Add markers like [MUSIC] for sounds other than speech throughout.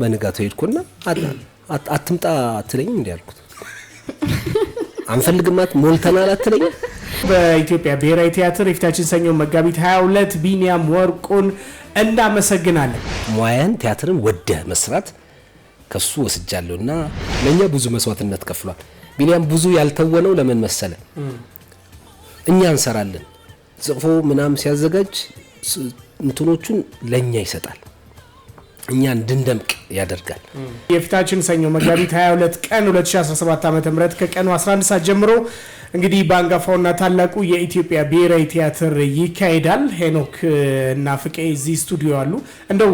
በንጋታው ሄድኩና አትምጣ ትለኝ እንዲ ያልኩት አንፈልግማት ሞልተናል አትለኝ። በኢትዮጵያ ብሔራዊ ቲያትር የፊታችን ሰኞ መጋቢት 22 ቢኒያም ወርቁን እናመሰግናለን። ሙያን ቲያትርን ወደ መስራት ከሱ ወስጃለሁ እና ለእኛ ብዙ መስዋዕትነት ከፍሏል። ቢኒያም ብዙ ያልተወነው ለምን መሰለ? እኛ እንሰራለን ጽፎ ምናምን ሲያዘጋጅ እንትኖቹን ለእኛ ይሰጣል እኛ እንድንደምቅ ያደርጋል። የፊታችን ሰኞ መጋቢት 22 ቀን 2017 ዓ ም ከቀኑ 11 ሰዓት ጀምሮ እንግዲህ በአንጋፋውና ታላቁ የኢትዮጵያ ብሔራዊ ቲያትር ይካሄዳል። ሄኖክ እና ፍቄ እዚህ ስቱዲዮ አሉ። እንደው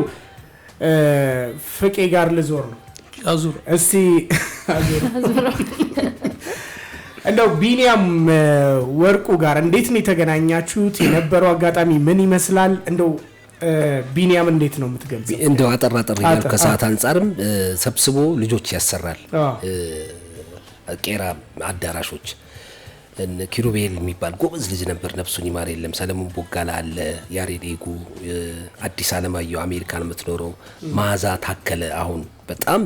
ፍቄ ጋር ልዞር ነው። አዙር እስቲ [LAUGHS] እንደው ቢኒያም ወርቁ ጋር እንዴት ነው የተገናኛችሁት? የነበረው አጋጣሚ ምን ይመስላል? እንደው ቢኒያም እንዴት ነው የምትገልጽ? እንደው አጠር አጠር እያልኩ ከሰዓት አንጻርም ሰብስቦ ልጆች ያሰራል። ቄራ አዳራሾች ኪሩቤል የሚባል ጎበዝ ልጅ ነበር፣ ነፍሱን ይማር የለም። ሰለሞን ቦጋላ አለ፣ ያሬዴጉ፣ አዲስ አለማየሁ አሜሪካን የምትኖረው ማዛ ታከለ፣ አሁን በጣም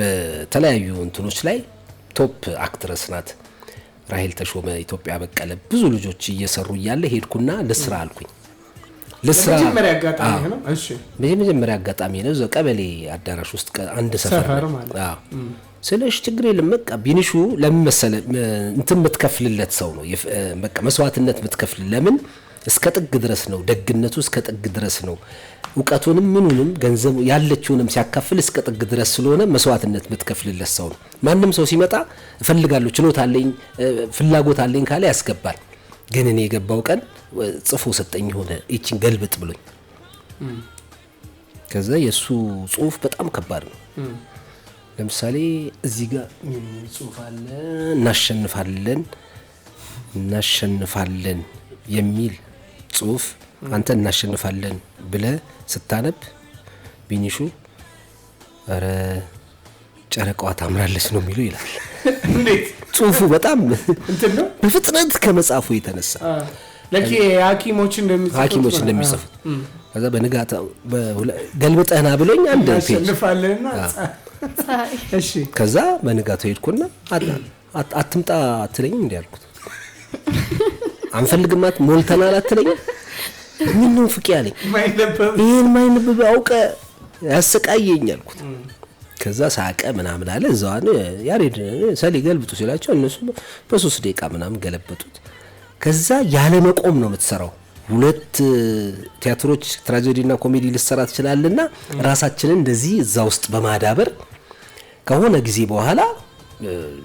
በተለያዩ እንትኖች ላይ ቶፕ አክትረስ ናት። ራሄል ተሾመ፣ ኢትዮጵያ በቀለ፣ ብዙ ልጆች እየሰሩ እያለ ሄድኩና ለስራ አልኩኝ ለስራ መጀመሪያ አጋጣሚ ነው። እዛው ቀበሌ አዳራሽ ውስጥ አንድ ሰፈር ስለሽ ችግር የለም በቃ ቢንሹ ለምን መሰለ እንትን የምትከፍልለት ሰው ነው በቃ መስዋዕትነት የምትከፍል ለምን እስከ ጥግ ድረስ ነው ደግነቱ እስከ ጥግ ድረስ ነው እውቀቱንም ምኑንም ገንዘቡ ያለችውንም ሲያካፍል እስከ ጥግ ድረስ ስለሆነ መስዋዕትነት የምትከፍልለት ሰው ነው። ማንም ሰው ሲመጣ እፈልጋለሁ ችሎታ አለኝ ፍላጎት አለኝ ካለ ያስገባል። ግን እኔ የገባው ቀን ጽፎ ሰጠኝ የሆነ ይችን ገልብጥ ብሎኝ። ከዛ የእሱ ጽሁፍ በጣም ከባድ ነው። ለምሳሌ እዚህ ጋር የሚል ጽሁፍ አለ። እናሸንፋለን እናሸንፋለን የሚል ጽሁፍ አንተ እናሸንፋለን ብለ ስታነብ ቢኒሹ ኧረ ጨረቃዋ ታምራለች ነው የሚለው ይላል። ጽሁፉ በጣም በፍጥነት ከመጽሐፉ የተነሳ ሐኪሞች እንደሚጽፉት ከዛ በንጋተ ገልብጠህና ብሎኝ አንድ ከዛ በንጋተ ሄድኩና አትምጣ አትለኝም እንዲ ያልኩት አንፈልግማት ሞልተናል አትለኝም ምነው ፍቅ ያለኝ ይህን ማይነበብ አውቀ ያሰቃየኝ አልኩት ከዛ ሳቀ ምናምን አለ። እዛዋን ያሬድ ሰሊ ገልብጡ ሲላቸው እነሱ በሶስት ደቂቃ ምናምን ገለበጡት። ከዛ ያለ መቆም ነው የምትሰራው። ሁለት ቲያትሮች ትራጀዲና ኮሜዲ ልሰራ ትችላለና ራሳችንን እንደዚህ እዛ ውስጥ በማዳበር ከሆነ ጊዜ በኋላ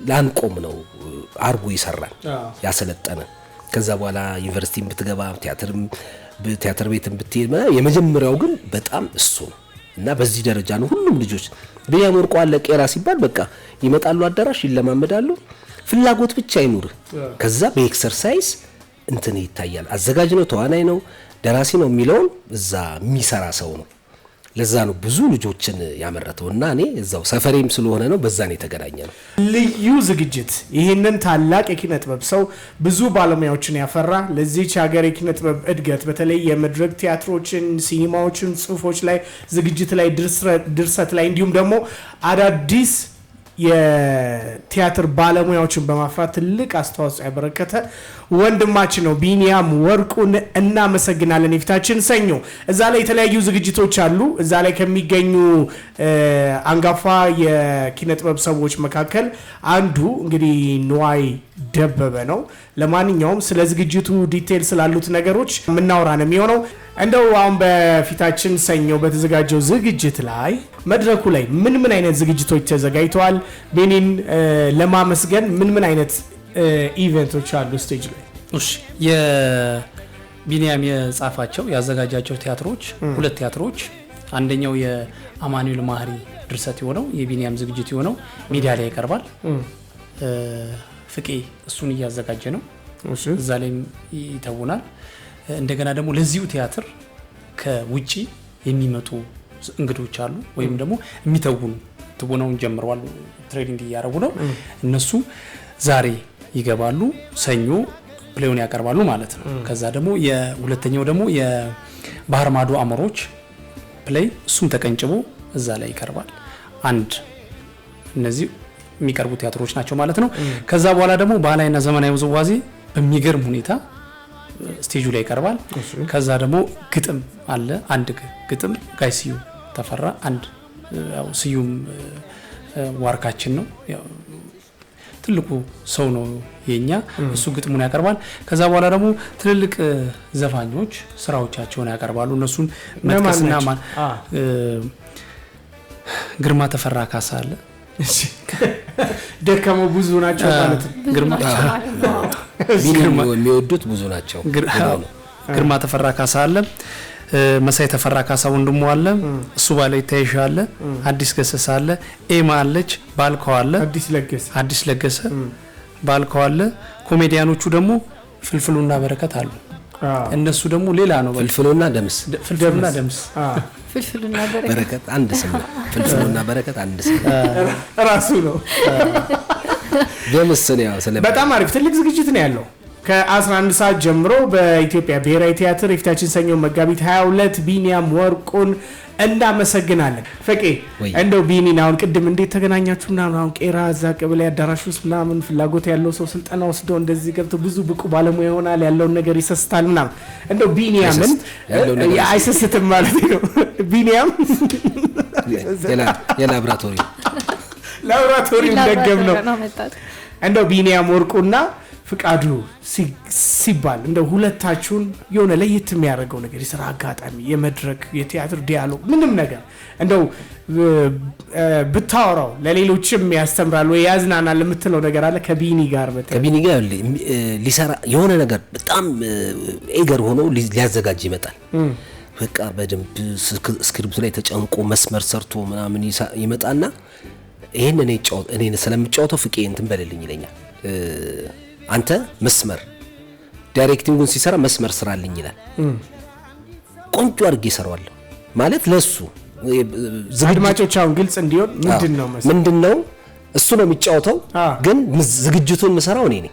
ላንቆም ነው አርጎ ይሰራል ያሰለጠነ። ከዛ በኋላ ዩኒቨርሲቲ ብትገባ ቲያትር ቤት ብትሄድ የመጀመሪያው ግን በጣም እሱ ነው። እና በዚህ ደረጃ ነው ሁሉም ልጆች ብያ አለ ቄራ ሲባል በቃ ይመጣሉ፣ አዳራሽ ይለማመዳሉ። ፍላጎት ብቻ አይኑር። ከዛ በኤክሰርሳይዝ እንትን ይታያል። አዘጋጅ ነው፣ ተዋናይ ነው፣ ደራሲ ነው የሚለውን እዛ የሚሰራ ሰው ነው ለዛ ነው ብዙ ልጆችን ያመረተው እና እኔ እዛው ሰፈሬም ስለሆነ ነው በዛን የተገናኘ ነው። ልዩ ዝግጅት ይህንን ታላቅ የኪነ ጥበብ ሰው ብዙ ባለሙያዎችን ያፈራ ለዚች ሀገር የኪነ ጥበብ እድገት በተለይ የመድረክ ቲያትሮችን፣ ሲኒማዎችን፣ ጽሁፎች ላይ ዝግጅት ላይ ድርሰት ላይ እንዲሁም ደግሞ አዳዲስ የቲያትር ባለሙያዎችን በማፍራት ትልቅ አስተዋጽኦ ያበረከተ ወንድማችን ነው ቢኒያም ወርቁን እናመሰግናለን። የፊታችን ሰኞ እዛ ላይ የተለያዩ ዝግጅቶች አሉ። እዛ ላይ ከሚገኙ አንጋፋ የኪነ ጥበብ ሰዎች መካከል አንዱ እንግዲህ ንዋይ ደበበ ነው። ለማንኛውም ስለ ዝግጅቱ ዲቴል ስላሉት ነገሮች የምናወራ ነው የሚሆነው። እንደው አሁን በፊታችን ሰኞ በተዘጋጀው ዝግጅት ላይ መድረኩ ላይ ምን ምን አይነት ዝግጅቶች ተዘጋጅተዋል? ቤኒን ለማመስገን ምን ምን አይነት ኢቨንቶች አሉ ስቴጅ ላይ? እሺ የቢኒያም የጻፋቸው ያዘጋጃቸው ቲያትሮች ሁለት ቲያትሮች፣ አንደኛው የአማኑኤል ማህሪ ድርሰት የሆነው የቢኒያም ዝግጅት የሆነው ሚዲያ ላይ ይቀርባል። ፍቄ እሱን እያዘጋጀ ነው። እዛ ላይም ይተውናል። እንደገና ደግሞ ለዚሁ ቲያትር ከውጭ የሚመጡ እንግዶች አሉ፣ ወይም ደግሞ የሚተውኑ ትውነውን ጀምረዋል፣ ትሬኒንግ እያረጉ ነው። እነሱ ዛሬ ይገባሉ፣ ሰኞ ፕሌውን ያቀርባሉ ማለት ነው። ከዛ ደግሞ የሁለተኛው ደግሞ የባህር ማዶ አምሮች ፕሌይ እሱም ተቀንጭቦ እዛ ላይ ይቀርባል። አንድ እነዚህ የሚቀርቡ ቲያትሮች ናቸው ማለት ነው። ከዛ በኋላ ደግሞ ባህላዊና ዘመናዊ ውዝዋዜ በሚገርም ሁኔታ ስቴጁ ላይ ይቀርባል። ከዛ ደግሞ ግጥም አለ። አንድ ግጥም ጋይ ስዩም ተፈራ አንድ ያው ስዩም ዋርካችን ነው ትልቁ ሰው ነው የኛ። እሱ ግጥሙን ያቀርባል። ከዛ በኋላ ደግሞ ትልልቅ ዘፋኞች ስራዎቻቸውን ያቀርባሉ። እነሱን መጥቀስና ማን ግርማ ተፈራ ካሳ አለ። ደከመው ብዙ ናቸው ማለት ግርማ የሚወዱት ብዙ ናቸው። ግርማ ተፈራ ካሳ አለ፣ መሳይ ተፈራ ካሳ ወንድሙ አለ፣ እሱ ባለ ይታይሽ አለ፣ አዲስ ገሰሰ አለ፣ ኤማ አለች፣ ባልከው አለ፣ አዲስ ለገሰ ባልከው አለ። ኮሜዲያኖቹ ደግሞ ፍልፍሉና በረከት አሉ። እነሱ ደግሞ ሌላ ነው። ፍልፍሉና ደምስ ፍልፍሉና ደምስ [LAUGHS] ፍልፍሉና በረከት አንድ ስም ነው። ፍልፍሉና በረከት አንድ ስም ራሱ ነው። በጣም አሪፍ ትልቅ ዝግጅት ነው ያለው። ከ11 ሰዓት ጀምሮ በኢትዮጵያ ብሔራዊ ቲያትር የፊታችን ሰኞ መጋቢት 22 ቢኒያም ወርቁን እናመሰግናለን። ፈቄ እንደው ቢኒን አሁን ቅድም እንዴት ተገናኛችሁ ምናምን አሁን ቄራ እዛ ቀበሌ አዳራሽ ውስጥ ምናምን ፍላጎት ያለው ሰው ስልጠና ወስዶ እንደዚህ ገብቶ ብዙ ብቁ ባለሙያ ይሆናል ያለውን ነገር ይሰስታል ምናምን እንደው ቢኒያምን አይሰስትም ማለት ነው ቢኒያም የላብራቶሪ ላብራቶሪ ደገብ ነው። እንደው ቢኒያም ወርቁና ፍቃዱ ሲባል እንደ ሁለታችሁን የሆነ ለየት የሚያደርገው ነገር የስራ አጋጣሚ፣ የመድረክ፣ የቲያትር ዲያሎግ፣ ምንም ነገር እንደው ብታወራው ለሌሎችም ያስተምራል ወይ ያዝናናል የምትለው ነገር አለ? ከቢኒ ጋር ከቢኒ ጋር ሊሰራ የሆነ ነገር በጣም ኤገር ሆኖ ሊያዘጋጅ ይመጣል። በቃ በደንብ ስክሪፕቱ ላይ ተጨንቆ መስመር ሰርቶ ምናምን ይመጣና ይህን እኔ ስለምጫወተው ፍቄ እንትን በልልኝ ይለኛል። አንተ መስመር ዳይሬክቲንጉን ሲሰራ መስመር ስራልኝ ይላል። ቆንጆ አድርጌ ይሰራዋል ማለት ለሱ አድማጮች አሁን ግልጽ እንዲሆን ምንድን ነው ምንድን ነው እሱ ነው የሚጫወተው፣ ግን ዝግጅቱን የምሰራው እኔ ነኝ።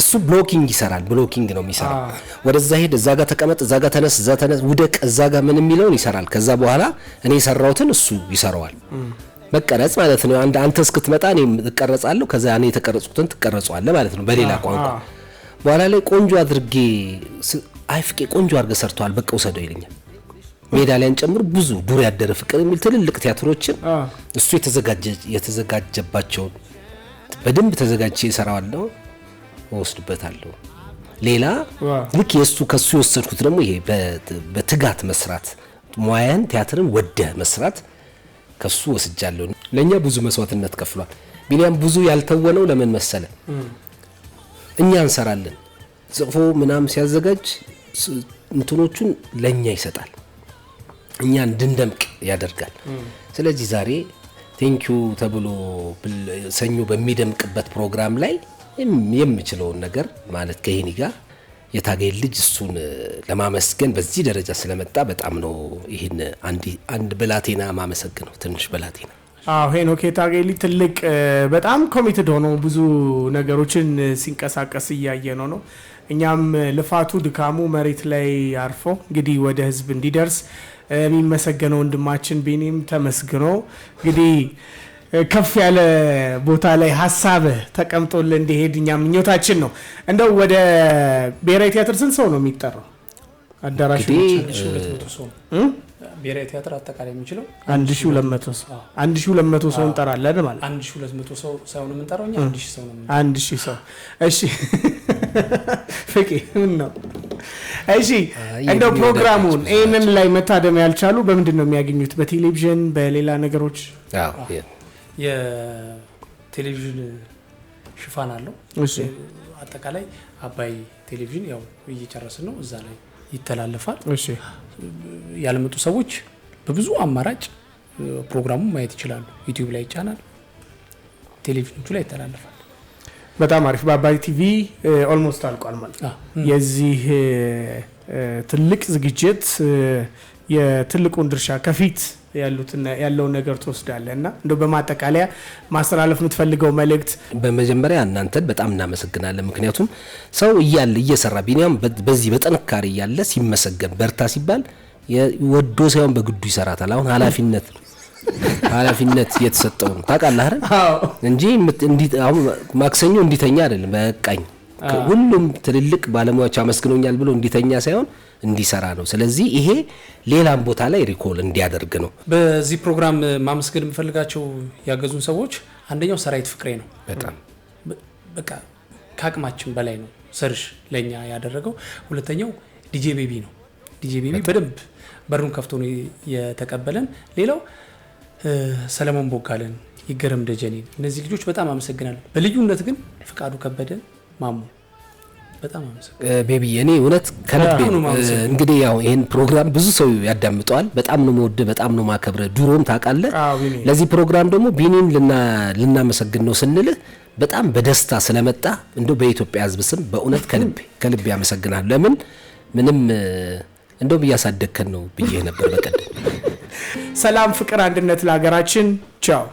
እሱ ብሎኪንግ ይሰራል፣ ብሎኪንግ ነው የሚሰራው። ወደዛ ሄድ፣ እዛ ጋር ተቀመጥ፣ እዛ ጋር ተነስ፣ እዛ ተነስ፣ ውደቅ፣ እዛ ጋር ምን የሚለውን ይሰራል። ከዛ በኋላ እኔ የሰራሁትን እሱ ይሰራዋል። መቀረጽ ማለት ነው። አንድ አንተ እስክትመጣ እኔ እቀረጻለሁ፣ ከዛ እኔ የተቀረጽኩትን ትቀረጸዋለህ ማለት ነው በሌላ ቋንቋ። በኋላ ላይ ቆንጆ አድርጌ አይፍቄ ቆንጆ አድርገ ሰርተዋል፣ በቃ ውሰደው ይለኛል። ሜዳሊያን ጨምሮ ብዙ ዱር ያደረ ፍቅር የሚል ትልልቅ ቲያትሮችን እሱ የተዘጋጀባቸውን በደንብ ተዘጋጅቼ እሰራዋለሁ፣ እወስድበታለሁ። ሌላ ልክ የእሱ ከሱ የወሰድኩት ደግሞ ይሄ በትጋት መስራት ሙያን ቲያትርን ወደ መስራት ከሱ ወስጃለሁ። ለእኛ ብዙ መስዋዕትነት ከፍሏል። ቢኒያም ብዙ ያልተወነው ለምን መሰለ? እኛ እንሰራለን ጽፎ ምናም ሲያዘጋጅ እንትኖቹን ለእኛ ይሰጣል፣ እኛ እንድንደምቅ ያደርጋል። ስለዚህ ዛሬ ቴንኪዩ ተብሎ ሰኞ በሚደምቅበት ፕሮግራም ላይ የምችለውን ነገር ማለት ከሄኒ ጋር የታገኝ ልጅ እሱን ለማመስገን በዚህ ደረጃ ስለመጣ በጣም ነው ይህን አንድ ብላቴና ማመሰግነው ትንሽ ብላቴና አዎ ሄኖክ የታገኝ ልጅ ትልቅ በጣም ኮሚትድ ሆኖ ብዙ ነገሮችን ሲንቀሳቀስ እያየ ነው ነው እኛም ልፋቱ ድካሙ መሬት ላይ አርፎ እንግዲህ ወደ ህዝብ እንዲደርስ የሚመሰገነው ወንድማችን ቢኒም ተመስግኖ እንግዲህ ከፍ ያለ ቦታ ላይ ሀሳብ ተቀምጦል እንዲሄድ እኛ ምኞታችን ነው። እንደው ወደ ብሔራዊ ቲያትር ስንት ሰው ነው የሚጠራው? አዳራሹ ብሔራዊ ቲያትር አጠቃላይ የሚችለው አንድ ሺህ ሁለት መቶ ሰው አንድ ሺህ ሁለት መቶ ሰው እንጠራለን ማለት አንድ ሺህ ሁለት መቶ ሰው ሳይሆን የምንጠራው አንድ ሺህ ሰው ነው። አንድ ሺህ ሰው እሺ። ፍቄ ምን ነው እሺ፣ እንደው ፕሮግራሙን ይህንን ላይ መታደም ያልቻሉ በምንድን ነው የሚያገኙት? በቴሌቪዥን በሌላ ነገሮች የቴሌቪዥን ሽፋን አለው። አጠቃላይ አባይ ቴሌቪዥን ያው እየጨረስን ነው፣ እዛ ላይ ይተላለፋል። ያልመጡ ሰዎች በብዙ አማራጭ ፕሮግራሙን ማየት ይችላሉ። ዩቲዩብ ላይ ይጫናል፣ ቴሌቪዥኖቹ ላይ ይተላለፋል። በጣም አሪፍ። በአባይ ቲቪ ኦልሞስት አልቋል ማለት የዚህ ትልቅ ዝግጅት የትልቁን ድርሻ ከፊት ያለውን ነገር ትወስዳለ እና እንደ በማጠቃለያ ማስተላለፍ የምትፈልገው መልእክት? በመጀመሪያ እናንተን በጣም እናመሰግናለን። ምክንያቱም ሰው እያለ እየሰራ ቢኒያም በዚህ በጥንካሬ እያለ ሲመሰገን በርታ ሲባል ወዶ ሳይሆን በግዱ ይሰራታል። አሁን ኃላፊነት ኃላፊነት የተሰጠው ነው ታውቃለህ አይደል? እንጂ ማክሰኞ እንዲተኛ አይደለም በቃኝ ሁሉም ትልልቅ ባለሙያዎች አመስግኖኛል ብሎ እንዲተኛ ሳይሆን እንዲሰራ ነው። ስለዚህ ይሄ ሌላም ቦታ ላይ ሪኮል እንዲያደርግ ነው። በዚህ ፕሮግራም ማመስገን የምፈልጋቸው ያገዙን ሰዎች አንደኛው ሰራዊት ፍቅሬ ነው። በጣም በቃ ከአቅማችን በላይ ነው ሰርሽ ለእኛ ያደረገው። ሁለተኛው ዲጄ ቤቢ ነው። ዲጄ ቤቢ በደንብ በሩን ከፍቶ ነው የተቀበለን። ሌላው ሰለሞን ቦጋለን፣ ይገረም ደጀኔን እነዚህ ልጆች በጣም አመሰግናለሁ። በልዩነት ግን ፍቃዱ ከበደን ማሙ እኔ እውነት ከልቤ እንግዲህ ያው ይህን ፕሮግራም ብዙ ሰው ያዳምጠዋል። በጣም ነው መወደ በጣም ነው ማከብረ ድሮም ታውቃለህ። ለዚህ ፕሮግራም ደግሞ ቢኒን ልናመሰግን ነው ስንልህ በጣም በደስታ ስለመጣ እንደው በኢትዮጵያ ሕዝብ ስም በእውነት ከልቤ ከልቤ ያመሰግናል። ለምን ምንም እንደውም እያሳደግከን ነው ብዬ ነበር በቀደም። ሰላም፣ ፍቅር፣ አንድነት ለሀገራችን። ቻው